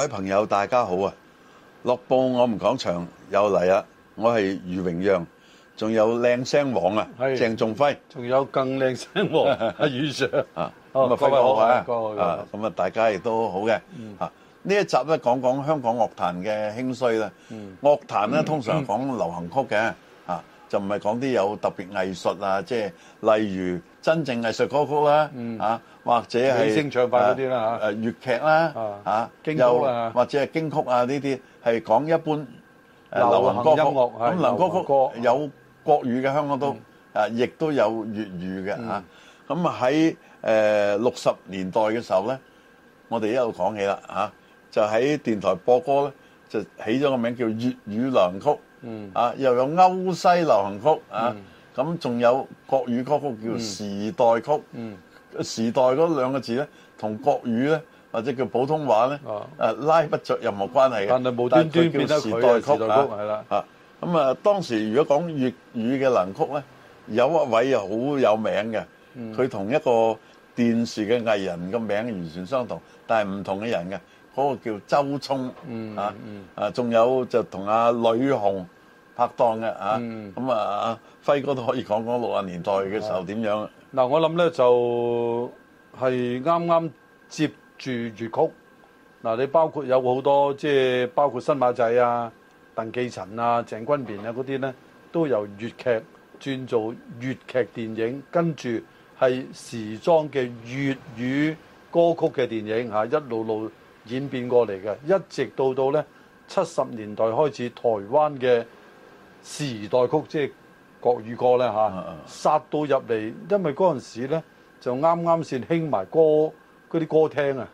各位朋友，大家好啊！樂報我們講場又嚟啦，我係余榮讓，仲有靚聲王啊，鄭仲輝，仲有更靚聲王阿余 Sir 啊，咁啊，各位好啊，咁啊，大家亦都好嘅啊，呢一集咧講講香港樂壇嘅興衰啦，樂壇咧通常講流行曲嘅啊，就唔係講啲有特別藝術啊，即係例如真正藝術歌曲啦啊。或者係氣聲唱法嗰啲啦嚇，誒粵劇啦嚇，有或者係京曲啊，呢啲係講一般流行音樂，咁流行歌曲有國語嘅，香港都啊，亦都有粵語嘅嚇。咁喺誒六十年代嘅時候咧，我哋一路講起啦嚇，就喺電台播歌咧，就起咗個名叫粵語流行曲，嗯啊又有歐西流行曲啊，咁仲有國語歌曲叫時代曲，嗯。時代嗰兩個字咧，同國語咧或者叫普通話咧，誒拉不着任何關係嘅，但佢無端端叫時代曲嚇。咁啊，當時如果講粵語嘅能曲咧，有一位又好有名嘅，佢同一個電視嘅藝人嘅名完全相同，但係唔同嘅人嘅，嗰個叫周聰，啊仲有就同阿呂紅。拍檔嘅、嗯、啊，咁啊輝哥都可以講講六十年代嘅時候點樣嗱，嗯？我諗呢就係啱啱接住粵曲嗱，你包括有好多即係包括新馬仔啊、鄧寄塵啊、鄭君綿啊嗰啲呢，都由粵劇轉做粵劇電影，跟住係時裝嘅粵語歌曲嘅電影嚇，一路路演變過嚟嘅，一直到到呢七十年代開始台灣嘅。時代曲即係國語歌咧嚇，殺到入嚟，因為嗰陣時咧就啱啱先興埋歌嗰啲歌廳啊，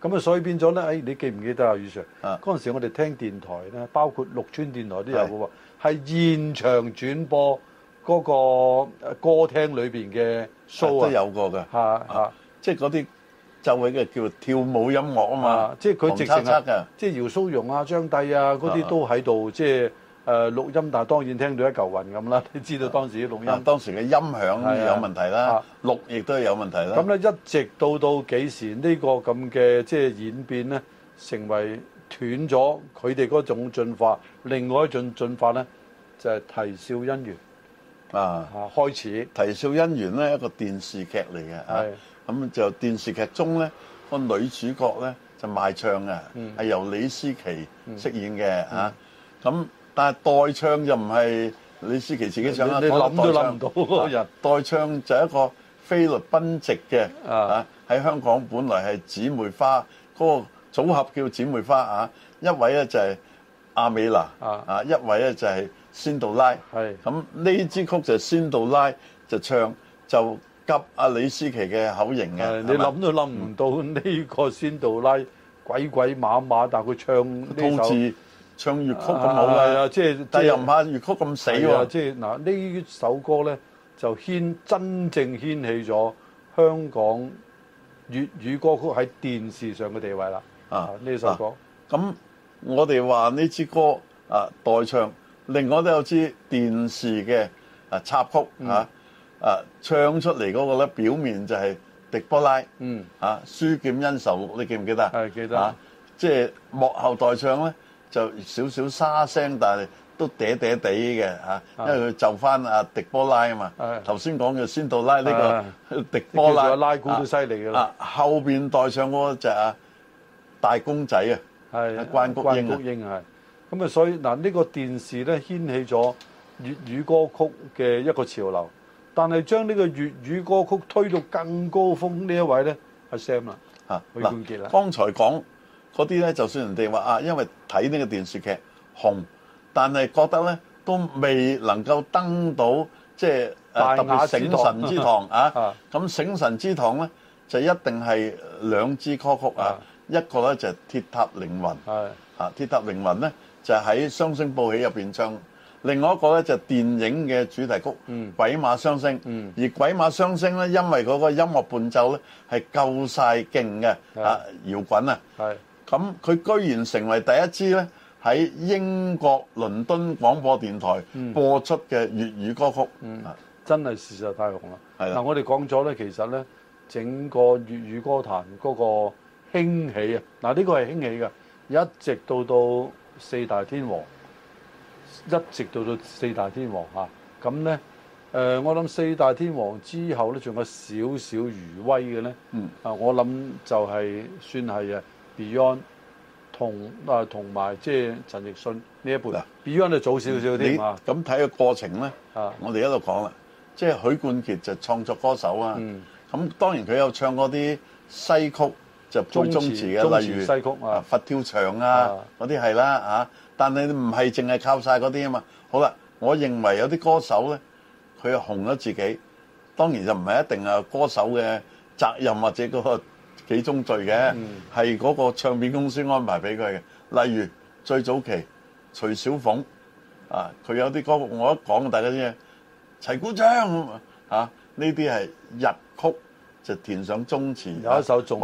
咁啊所以變咗咧，誒、哎、你記唔記得啊？余 Sir，嗰陣時我哋聽電台咧，包括綠村電台都有嘅喎，係現場轉播嗰個歌廳裏邊嘅 show 都有過㗎嚇嚇，即係嗰啲就係、是、叫跳舞音樂啊嘛，即係佢直情即係姚蘇蓉啊、張帝啊嗰啲都喺度即係。誒、呃、錄音，但係當然聽到一嚿雲咁啦。你知道當時啲錄音、啊，當時嘅音響有問題啦、啊，錄亦都有問題啦。咁、啊、咧一直到到幾時呢、呢個咁嘅即係演變咧，成為斷咗佢哋嗰種進化，另外一種進化咧就係《啼笑姻緣》啊，開始《啼笑姻緣》咧一個電視劇嚟嘅，咁、啊、就電視劇中咧個女主角咧就賣唱嘅，係、嗯、由李思琪飾演嘅咁。嗯嗯啊。但係代唱就唔係李思琪自己唱你你諗諗代唱啦，我諗都諗唔到人。代唱就係一個菲律賓籍嘅啊，喺香港本來係姊妹花嗰、嗰個組合叫姊妹花啊，一位咧就係阿美娜啊，啊一位咧就係仙度拉，係咁呢支曲就係仙度拉就唱就急阿李思琪嘅口型嘅。你諗都諗唔到呢個仙度拉、嗯、鬼鬼馬馬，但係佢唱呢首。唱粵曲咁好㗎，即係但又唔怕粵曲咁死喎。即係嗱呢首歌咧，就牽真正掀起咗香港粵語歌曲喺電視上嘅地位啦。啊，啊，呢首歌咁、啊、我哋話呢支歌啊代唱，另外都有支電視嘅啊插曲啊、嗯、啊唱出嚟嗰個咧，表面就係迪波拉啊嗯啊書劍恩仇錄，你記唔記得啊？係記得啊即、啊、係幕後代唱咧。就少少沙聲，但係都嗲嗲地嘅嚇，因為佢就翻阿迪波拉啊嘛。頭先講嘅仙杜拉呢個迪波拉拉姑都犀利㗎啦。後邊戴上嗰隻啊大公仔啊，關菊英，關菊英係。咁啊，所以嗱呢個電視咧掀起咗粵語歌曲嘅一個潮流，但係將呢個粵語歌曲推到更高峰呢一位咧，阿 Sam 啦嚇。許冠傑啦，剛才講。嗰啲咧，就算人哋話啊，因為睇呢個電視劇紅，但係覺得咧都未能夠登到，即係特別《醒神之堂》啊。咁《醒神之堂》咧就一定係兩支歌曲啊，一個咧就鐵塔凌雲，係啊鐵塔凌雲咧就喺雙星報喜入邊唱，另外一個咧就電影嘅主題曲《鬼馬雙星》。而《鬼馬雙星》咧，因為嗰個音樂伴奏咧係夠晒勁嘅啊，搖滾啊。咁佢居然成為第一支呢，喺英國倫敦廣播電台播出嘅粵語歌曲，嗯嗯，真係事實大紅啦！嗱、啊，我哋講咗呢，其實呢，整個粵語歌壇嗰個興起啊，嗱，呢個係興起嘅，一直到到四大天王，一直到到四大天王嚇，咁、啊、呢，呃、我諗四大天王之後呢，仲有少少餘威嘅呢。嗯，啊，我諗就係算係啊。Beyond 同啊同埋即係陳奕迅呢一輩，嗱 Beyond 就早少少啲嘛，咁睇個過程咧、啊，我哋一路講啦，即係許冠傑就創作歌手啊，咁、啊嗯、當然佢有唱嗰啲西曲就中中詞嘅，例如西曲啊、啊佛跳牆啊嗰啲係啦嚇，但係唔係淨係靠晒嗰啲啊嘛，好啦，我認為有啲歌手咧，佢紅咗自己，當然就唔係一定啊歌手嘅責任或者嗰、那個。幾宗罪嘅，係嗰個唱片公司安排俾佢嘅。例如最早期，徐小鳳啊，佢有啲歌曲我一講，大家知嘅。齊鼓掌嚇，呢啲係日曲就填上中詞、啊。有一首仲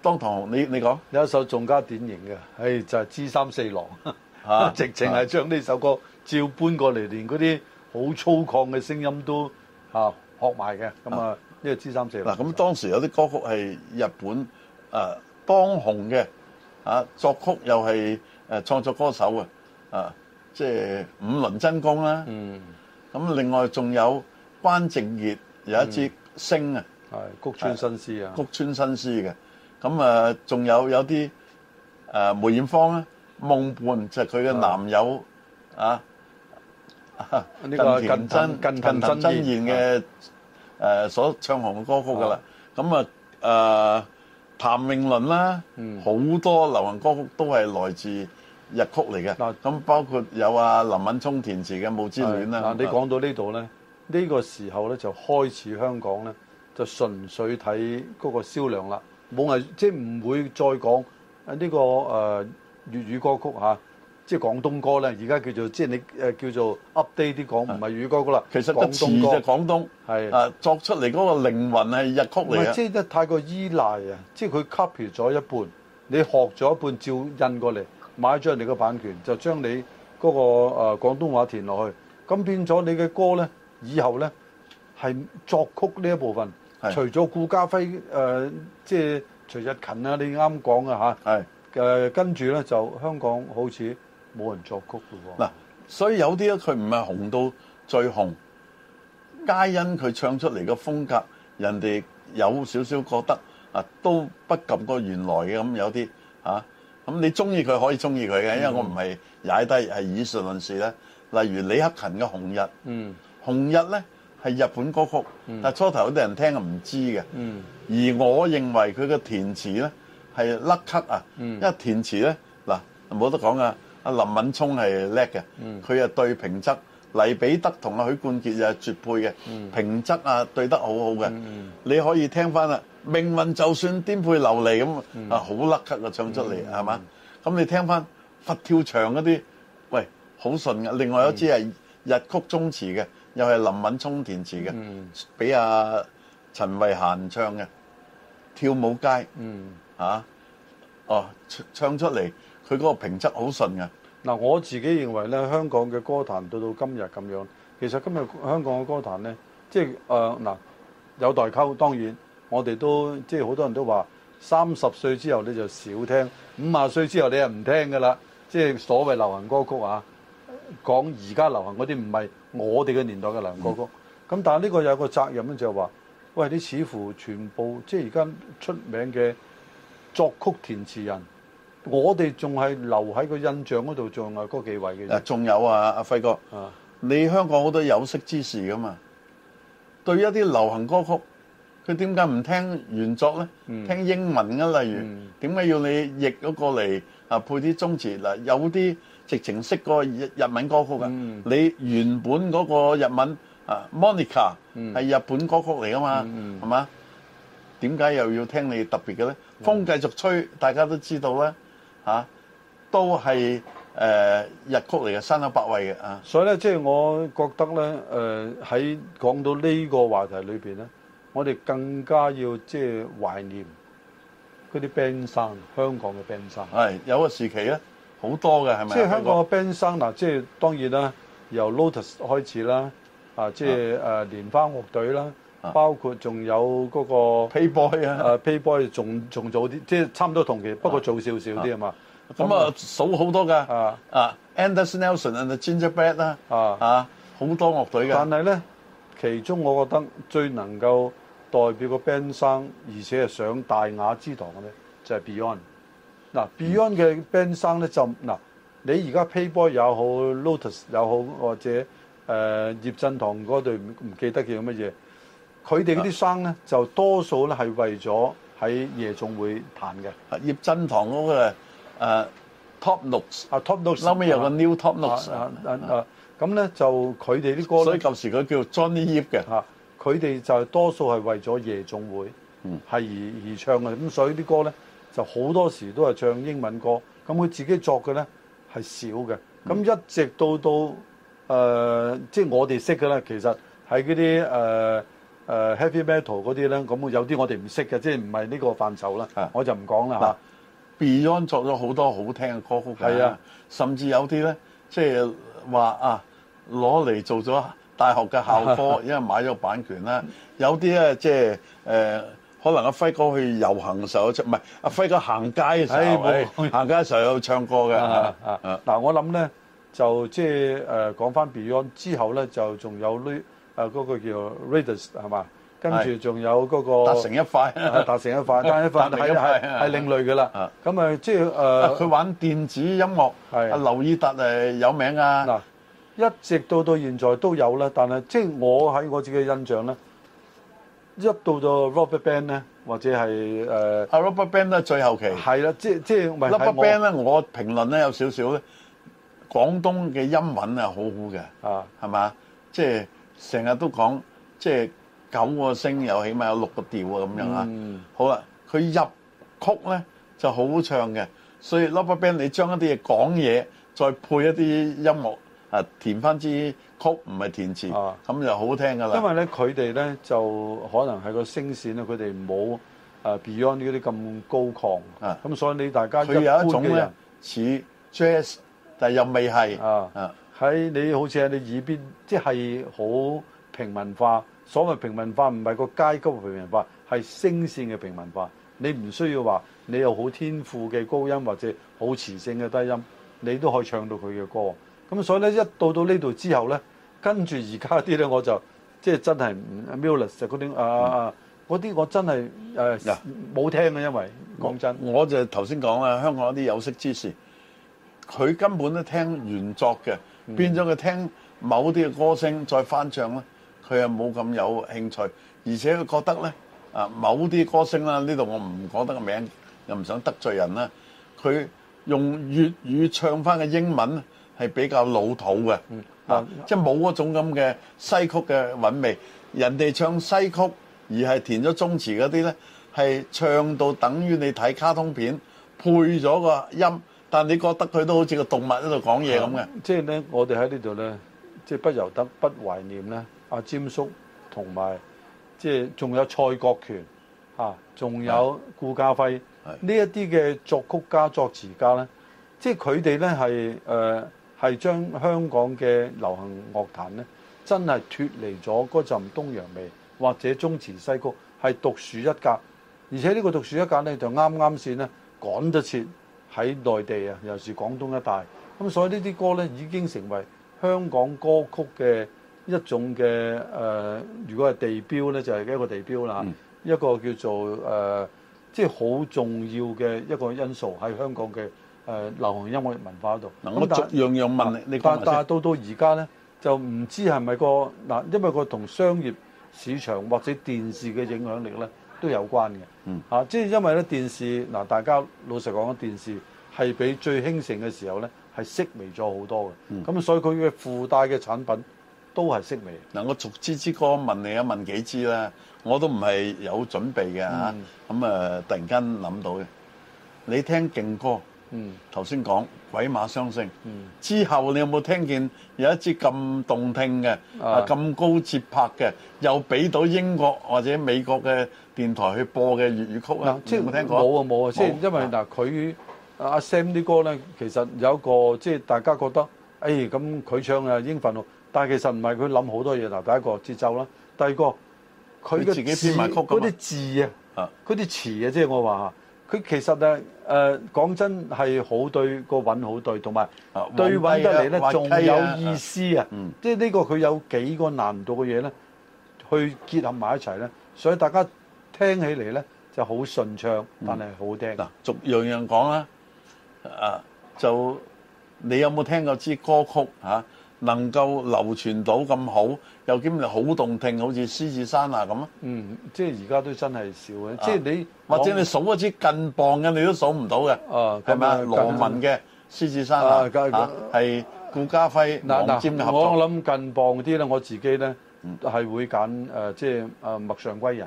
當堂，你你講有一首仲加典型嘅，誒、哎、就係《姿三四郎》啊，直情係將呢首歌照搬過嚟，連嗰啲好粗獷嘅聲音都嚇學埋嘅，咁啊～呢個《知三四》。嗱，咁當時有啲歌曲係日本誒當紅嘅，啊作曲又係誒創作歌手嘅，啊即係五輪真功啦。嗯。咁另外仲有關正傑有一支星啊。係谷村新司啊。谷村新司嘅，咁啊仲有有啲誒梅艷芳咧，《夢伴》就佢嘅男友啊。近藤真。近藤真彥嘅。誒、呃、所唱紅嘅歌曲㗎啦，咁啊誒、呃、譚詠麟啦，好、嗯、多流行歌曲都係來自日曲嚟嘅。咁、啊、包括有啊林敏驄填詞嘅《霧之戀》啦、啊。你講到呢度咧，呢、呢個時候咧就開始香港咧就純粹睇嗰個銷量啦，冇係即係唔會再講呢、呢個誒、呃、粵語歌曲、啊即係廣東歌咧，而家叫做即係你誒叫做 update 啲歌，唔係粵歌噶啦。其實廣東歌，廣東係誒、啊、作出嚟嗰個靈魂係日曲嚟。唔係即得太過依賴啊！即係佢 copy 咗一半，你學咗一半照印過嚟，買咗人哋嘅版權，就將你嗰、那個誒、呃、廣東話填落去，咁變咗你嘅歌咧，以後咧係作曲呢一部分，除咗顧嘉輝誒、呃，即係徐日勤啊，你啱講嘅吓，係誒跟住咧就香港好似。冇人作曲咯。嗱、啊，所以有啲咧，佢唔係紅到最紅，皆因佢唱出嚟嘅風格，人哋有少少覺得啊，都不及個原來嘅咁。有啲啊，咁你中意佢可以中意佢嘅，因為我唔係踩低，係以事論事咧。例如李克勤嘅《紅日》，嗯，《紅日》咧係日本歌曲，嗯、但初頭有啲人聽啊唔知嘅，嗯。而我認為佢嘅填詞咧係甩咳啊、嗯，因為填詞咧嗱冇得講噶。阿林敏聰係叻嘅，佢、嗯、又對平則黎比德同阿許冠傑又係絕配嘅、嗯，平則啊對得好好嘅、嗯嗯，你可以聽翻啦。命運就算顛沛流離咁、嗯、啊，好甩咳啊唱出嚟係嘛？咁、嗯嗯、你聽翻佛跳牆嗰啲，喂，好順嘅。另外一支係日曲中詞嘅，又係林敏聰填詞嘅，俾、嗯、阿、啊、陳慧嫻唱嘅跳舞街、嗯、啊，哦唱出嚟。佢嗰個平質好順嘅。嗱，我自己認為咧，香港嘅歌壇到到今日咁樣，其實今日香港嘅歌壇咧，即係誒嗱有代溝，當然，我哋都即係好多人都話三十歲之後你就少聽，五十歲之後你又唔聽㗎啦。即係所謂流行歌曲啊，講而家流行嗰啲唔係我哋嘅年代嘅流行歌曲。咁、嗯、但係呢個有個責任咧，就係話喂，你似乎全部即係而家出名嘅作曲填詞人。我哋仲係留喺個印象嗰度，仲有嗰幾位嘅。仲有啊，阿輝哥，啊、你香港好多有識之士噶嘛？對一啲流行歌曲，佢點解唔聽原作咧？嗯、聽英文啊，例如點解、嗯、要你譯嗰個嚟啊？配啲中詞嗱，有啲直情識個日日文歌曲噶。嗯、你原本嗰個日文啊，Monica 係、嗯、日本歌曲嚟噶嘛？係、嗯、嘛、嗯？點解又要聽你特別嘅咧？嗯、風繼續吹，大家都知道啦。嚇、啊，都係誒、呃、日曲嚟嘅，三三八位嘅啊。所以咧，即、就、係、是、我覺得咧，誒、呃、喺講到呢個話題裏面咧，我哋更加要即係、就是、懷念嗰啲 band 生，香港嘅 band 生。係，有個時期咧，好多嘅係咪啊？即係香港嘅 band 生嗱，即係當然啦，由 Lotus 開始啦，啊，即係誒蓮花樂隊啦。包括仲有嗰個啊 Payboy 啊、uh，Payboy 仲仲早啲，即係差唔多同期，啊、不過早少少啲啊嘛。咁啊，數好多㗎啊啊，Anders Nelson and the Gingerbread 啦啊啊，好、啊 and 啊啊、多樂隊嘅。但係咧，其中我覺得最能夠代表個 band 生，而且係上大雅之堂嘅咧，就係、是、Beyond 嗱、啊嗯。Beyond 嘅 band 生咧就嗱、啊，你而家 Payboy 又好，Lotus 又好，或者誒、呃、葉振棠嗰隊，唔記得叫乜嘢？佢哋嗰啲生咧就多數咧係為咗喺夜總會彈嘅，啊。葉振棠嗰，那個誒 Top Notes，啊 Top Notes，啊，後屘有個 New Top Notes，啊啊咁咧就佢哋啲歌，所以舊時佢叫 Johnny 葉嘅嚇。佢，啊、哋就係多數係為咗夜總會，嗯，係而而唱嘅。咁所以啲歌咧就好多時都係唱英文歌。咁佢自己作嘅咧係少嘅。咁，嗯、一直到到誒，呃，即係我哋識嘅啦。其實喺嗰啲誒。呃誒、uh, heavy metal 嗰啲咧，咁有啲我哋唔識嘅，即係唔係呢個範疇啦、啊，我就唔講啦嚇。Beyond 作咗好多好聽嘅歌曲，係啊，甚至有啲咧，即係話啊，攞嚟做咗大學嘅校歌， 因為買咗版權啦。 有啲咧，即係誒、呃，可能阿輝哥去遊行嘅時候有出，唔係阿輝哥行街嘅時候， 行街嘅時候有唱歌嘅。嗱、 啊啊啊啊啊啊啊啊，我諗咧，就即係誒、呃、講翻 Beyond 之後咧，就仲有呢？啊，嗰、那個叫 Raiders 係嘛？跟住仲有嗰、那個達明一派，達明一派，達明一派，係係係另類嘅啦。咁啊，即係誒，佢、呃、玩電子音樂，阿、啊、劉以達誒有名啊。嗱、啊，一直到到現在都有啦，但係即係我喺我自己嘅印象咧，一到咗 RubberBand 咧，或者係誒阿 RubberBand 咧，最後期係啦，即即係 RubberBand 咧，我評論咧有少少咧，廣東嘅音韻啊，好好嘅啊，係、就、嘛、是？即係。成日都講，即係九個聲有起碼有六個調啊咁樣啊、嗯，好啦，佢入曲咧就好唱嘅，所以 Rubber Band 你將一啲嘢講嘢，再配一啲音樂啊填翻支曲，唔係填詞，咁、啊、就好聽噶啦。因為咧，佢哋咧就可能係個聲線、uh, 那那啊，佢哋冇啊 Beyond 嗰啲咁高亢，咁所以你大家佢有一種呢似 Jazz，但又未係啊。啊喺你好似喺你耳邊，即係好平民化。所謂平民化唔係個階級的平民化，係聲線嘅平民化。你唔需要話你有好天賦嘅高音或者好磁性嘅低音，你都可以唱到佢嘅歌。咁所以咧，一到到呢度之後咧，跟住而家啲咧，我就即係、就是、真係 m i l l e r 嗰啲啊嗰啲、啊 yeah.，我真係誒冇聽，因為講真，我就頭先講啦，香港啲有識之士，佢根本都聽原作嘅。變咗佢聽某啲嘅歌聲再翻唱咧，佢又冇咁有興趣，而且佢覺得咧啊某啲歌星啦，呢度我唔講得個名，又唔想得罪人啦。佢用粵語唱翻嘅英文係比較老土嘅，嗯，啊，即係冇嗰種咁嘅西曲嘅韻味。人哋唱西曲而係填咗中詞嗰啲咧，係唱到等於你睇卡通片配咗個音。但你覺得佢都好似個動物喺度講嘢咁嘅，即係咧，我哋喺呢度咧，即係不由得不懷念咧，阿詹叔同埋，即係仲有蔡國權，啊仲有顧嘉煇，呢一啲嘅作曲家、作詞家咧，即係佢哋咧係誒係將香港嘅流行樂壇咧，真係脫離咗嗰陣東洋味或者中詞西曲，係獨樹一格，而且呢個獨樹一格咧就啱啱先咧趕得切。喺內地啊，尤其是廣東一帶，咁所以呢啲歌呢，已經成為香港歌曲嘅一種嘅誒、呃，如果係地標呢，就係、是、一個地標啦，嗯、一個叫做誒，即係好重要嘅一個因素喺香港嘅誒、呃、流行音樂文化度。我逐樣樣問你，但你但，但到到而家呢，就唔知係咪、那個嗱，因為個同商業市場或者電視嘅影響力呢。都有關嘅，嚇、嗯啊，即係因為咧電視，嗱，大家老實講，電視係比最興盛嘅時候咧係式微咗好多嘅，咁、嗯、所以佢嘅附帶嘅產品都係式微。嗱、嗯，我逐支之歌問你一問幾支啦，我都唔係有準備嘅嚇、啊，咁啊突然間諗到嘅，你聽勁歌。嗯，頭先講鬼馬雙星，嗯，之後你有冇聽見有一支咁動聽嘅，啊咁、啊、高節拍嘅，又俾到英國或者美國嘅電台去播嘅粵語曲咧？即係冇聽過？冇冇啊冇啊，即係因為嗱佢阿 Sam 啲歌咧，其實有一個即係大家覺得，哎咁佢唱嘅英文咯，但係其實唔係佢諗好多嘢，嗱第一個節奏啦，第二個佢自己編埋曲，啲字啊，啊啲詞啊，即係我話。佢其實誒誒講真係好對個韻好對，同埋對韻得嚟咧仲有意思啊！即係呢個佢有幾個難度嘅嘢咧，去結合埋一齊咧，所以大家聽起嚟咧就好順暢，但係好好聽。逐、嗯、樣樣講啦、啊，就你有冇聽過支歌曲、吓能夠流傳到咁好，又兼你好動聽，好似《獅子山啊》咁啊！嗯，即係而家都真係少嘅。即係你，或者你數一隻近磅嘅，你都數唔到嘅。哦、啊，係咪、啊、羅文嘅《獅子山啊》？係、啊、顧嘉輝、黃霑、啊啊、我諗近磅啲咧，我自己咧，係會揀誒、呃，即係誒《陌、呃、上歸人》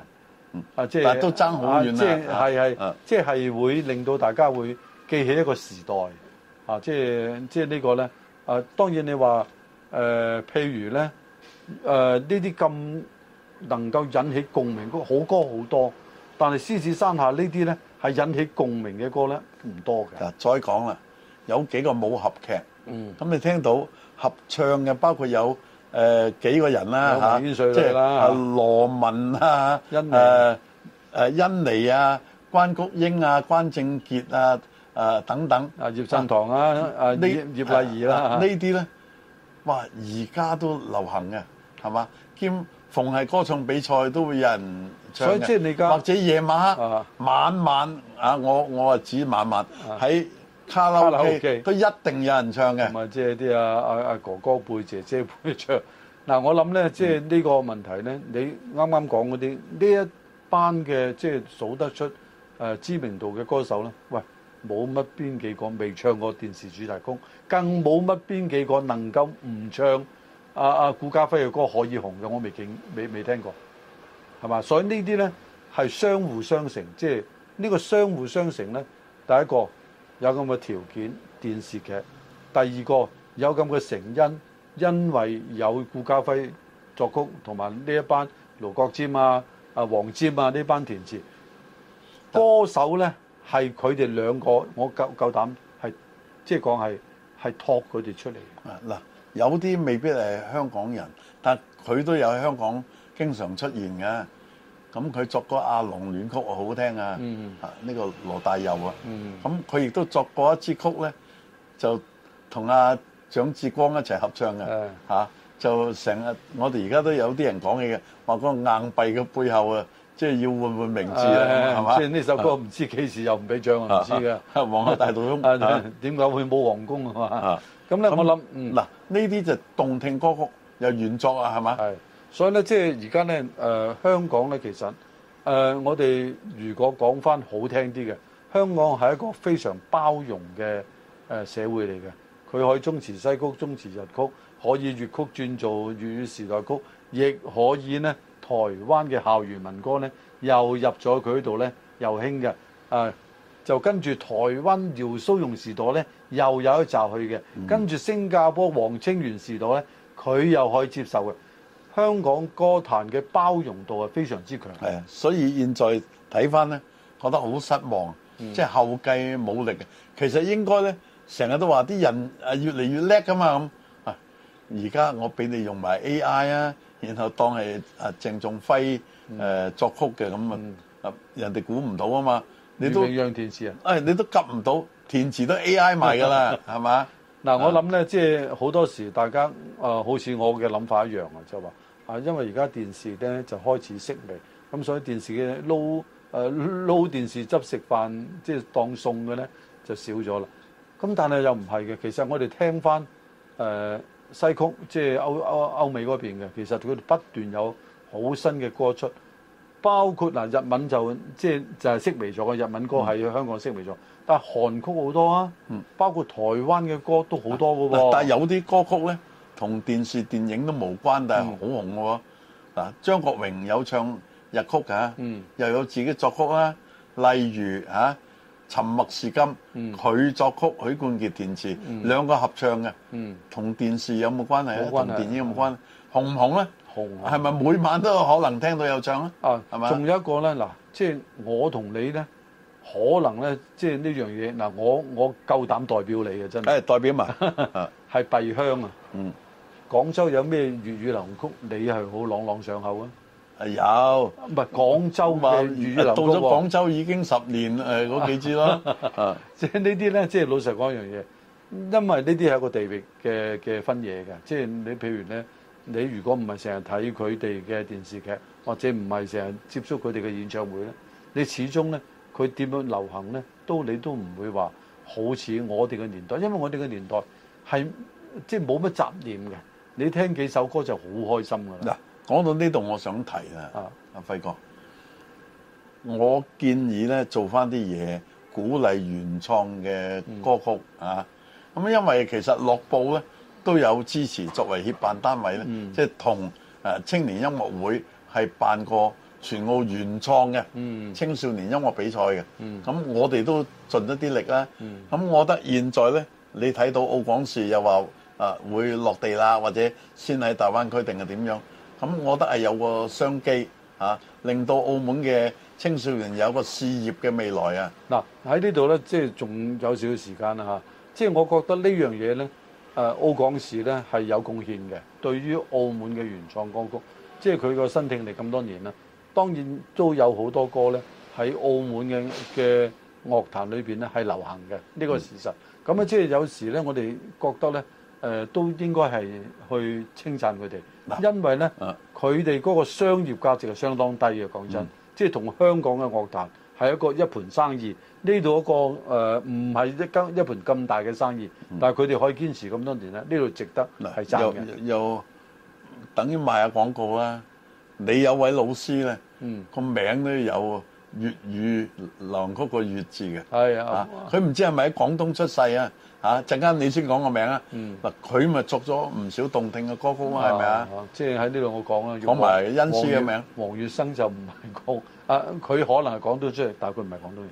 嗯。啊，即係都爭好遠啦，即係係係，即係會令到大家會記起一個時代。啊，即係即係呢個咧。啊，當然你話。誒，譬如咧，誒呢啲咁能夠引起共鳴嘅好歌好多，但係獅子山下呢啲咧係引起共鳴嘅歌咧唔多嘅。嗱，再講啦，有幾個武俠劇，咁你聽到合唱嘅，包括有誒幾個人啦嚇，即係羅文啦，誒誒，殷妮啊，關菊英啊，關正傑啊，啊等等，啊葉振棠啊，啊葉葉麗儀啦，呢啲咧。哇！而家都流行嘅，係嘛？兼逢係歌唱比賽都會有人唱嘅，所以即係你而家或者夜晚晚晚啊，我我啊指晚晚喺卡拉 OK 都一定有人唱嘅。咁啊，即係啲啊啊啊哥哥輩姐姐輩唱。嗱，我諗咧，即係呢個問題咧，你啱啱講嗰啲呢一班嘅即係數得出誒知名度嘅歌手咧。喂！冇乜邊幾個未唱過電視主題曲，更冇乜邊幾個能夠唔唱阿阿顧嘉輝嘅歌可以紅嘅，我未記未未聽過，係嘛？所以呢啲呢係相互相成，即係呢個相互相成呢。第一個有咁嘅條件電視劇，第二個有咁嘅成因，因為有顧嘉輝作曲同埋呢一班盧國沾啊、啊黃霑啊呢班填詞，歌手呢。係佢哋兩個，我夠，夠膽係，即係講係係託佢哋出嚟。啊嗱，有啲未必係香港人，但佢都有喺香港經常出現嘅。咁佢作過阿龍戀曲好聽啊。呢、嗯啊呢個羅大佑啊。咁佢亦都作過一支曲咧，就同阿蔣志光一齊合唱嘅、嗯啊。就成日我哋而家都有啲人講嘢嘅，話嗰個硬幣嘅背後啊。即係要換換名字啦，係、哎、嘛？即係呢首歌唔知幾、啊、時又唔俾獎，唔知嘅。皇、啊、后、啊啊、大道東，點解佢冇皇宮啊？嘛、啊。咁咧，我諗，嗱、嗯，呢啲就動聽歌曲，又原作啊，係嘛？係。所以咧，即係而家咧，誒、呃、香港咧，其實，誒、呃、我哋如果講翻好聽啲嘅，香港係一個非常包容嘅誒、呃、社會嚟嘅。佢可以中詞西曲、中詞日曲，可以粵曲轉做粵語時代曲，亦可以咧。台灣嘅校園民歌呢，又入咗佢度呢，又興嘅，誒、啊，就跟住台灣姚蘇蓉時代呢，又有一集去嘅、嗯，跟住新加坡黃清源時代呢，佢又可以接受嘅，香港歌壇嘅包容度係非常之強。係啊，所以現在睇翻呢，覺得好失望，嗯、即係後繼冇力嘅。其實應該呢，成日都話啲人啊越嚟越叻㗎嘛咁。而家我俾你用埋 AI 啊！然後當係啊鄭仲輝誒作曲嘅咁啊，人哋估唔到啊嘛、嗯，你都，明明讓電視啊、哎，你都及唔到電視都 AI 埋噶啦，係 嘛？嗱，我諗咧、啊，即係好多時大家啊、呃，好似我嘅諗法一樣啊，即係話啊，因為而家電視咧就開始式微，咁所以電視嘅撈誒撈電視汁食飯，即係當餸嘅咧就少咗啦。咁但係又唔係嘅，其實我哋聽翻誒。呃西曲即係歐歐歐美嗰邊嘅，其實佢不斷有好新嘅歌出，包括嗱、啊、日文就即係就係式微咗嘅日文歌係、嗯、香港式微咗，但係韓曲好多啊、嗯，包括台灣嘅歌都好多嘅、啊、但係有啲歌曲咧，同電視電影都無關，但係好紅喎。嗱，張國榮有唱日曲㗎、啊嗯，又有自己作曲啦、啊，例如嚇、啊。沉默是金，佢、嗯、作曲，許冠傑填詞、嗯，兩個合唱嘅，同、嗯、電視有冇關係同、啊、電影有冇關係、啊？紅唔紅咧？紅。係咪每晚都有可能聽到有唱咧？啊、嗯，係咪？仲有一個咧，嗱，即、就、係、是、我同你咧，可能咧，即係呢樣嘢嗱，我我夠膽代表你嘅真。哎、欸，代表嘛？係 弊香啊！嗯，廣州有咩粵語流行曲，你係好朗朗上口啊？係、哎、有，唔係廣州嘛？到咗廣州已經十年，誒嗰幾支啦。即 係 呢啲咧，即係老實講一樣嘢，因為呢啲係一個地域嘅嘅分野嘅。即係你譬如咧，你如果唔係成日睇佢哋嘅電視劇，或者唔係成日接觸佢哋嘅演唱會咧，你始終咧佢點樣流行咧，都你都唔會話好似我哋嘅年代，因為我哋嘅年代係即係冇乜雜念嘅，你聽幾首歌就好開心㗎啦。啊。講到呢度，我想提啊，阿、啊、輝哥，我建議呢做翻啲嘢鼓勵原創嘅歌曲、嗯、啊。咁因為其實樂報呢都有支持作為協辦單位呢即係同青年音樂會係辦過全澳原創嘅、嗯、青少年音樂比賽嘅。咁、嗯、我哋都盡咗啲力啦。咁、嗯、我覺得現在呢，你睇到澳廣視又話誒、啊、會落地啦，或者先喺大灣區定係點樣？咁我覺得係有個商機啊，令到澳門嘅青少年有個事業嘅未來啊！嗱、啊，喺呢度呢，即係仲有少少時間啦嚇。即、啊、係、就是、我覺得呢樣嘢呢，澳港市呢係有貢獻嘅，對於澳門嘅原創歌曲，即係佢個新聽嚟咁多年啦。當然都有好多歌呢喺澳門嘅嘅樂壇裏邊係流行嘅，呢、嗯這個事實。咁啊，即係有時呢，我哋覺得呢。誒、呃、都應該係去稱讚佢哋，因為咧，佢哋嗰個商業價值係相當低嘅。講真、嗯，即係同香港嘅樂壇係一個一盤生意。呢、嗯、度一個誒唔係一間一盤咁大嘅生意，嗯、但係佢哋可以堅持咁多年咧，呢度值得是的。係真嘅，又、呃呃呃、等於賣下廣告啦、啊。你有位老師咧，個、嗯、名都有粵語浪曲個粵字嘅，係、哎、啊，佢、啊、唔知係咪喺廣東出世啊？啊！陣間你先講個名啊！嗱，佢咪作咗唔少動聽嘅歌曲啊？係咪啊？即係喺呢度我講啊。講埋恩師嘅名，黃月生就唔係講。啊，佢可能係廣東出嚟，但佢唔係廣東人，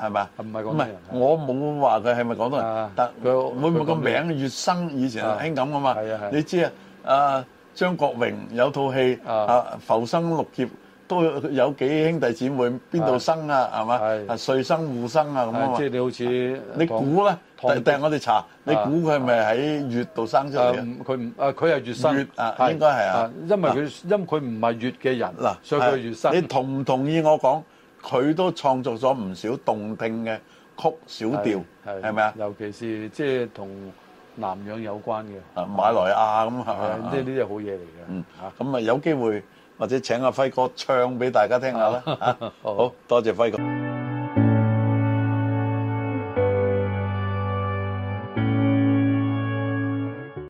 係咪啊？唔係廣東人。唔係，我冇話佢係咪廣東人。但佢會唔會個名月生以前係興咁噶嘛。係啊係啊。你知啊？啊，張國榮有套戲啊，《浮生六劫》，都有幾兄弟姊妹邊度生啊？係嘛？啊，瑞生、護生啊咁啊嘛。即係你好似你估啦。但但我哋查，你估佢係咪喺月度生出嚟？佢唔，啊佢係、啊啊、月生，月啊、應該係啊。因為佢、啊，因佢唔係月嘅人、啊，所以佢月生。你同唔同意我講？佢都創作咗唔少動聽嘅曲小調，係咪啊？尤其是即係同南洋有關嘅、啊，馬來亞咁係咪啊？即係呢啲好嘢嚟嘅。嗯，咁啊有機會或者請阿輝哥唱俾大家聽下啦、 啊。好，好多謝輝哥。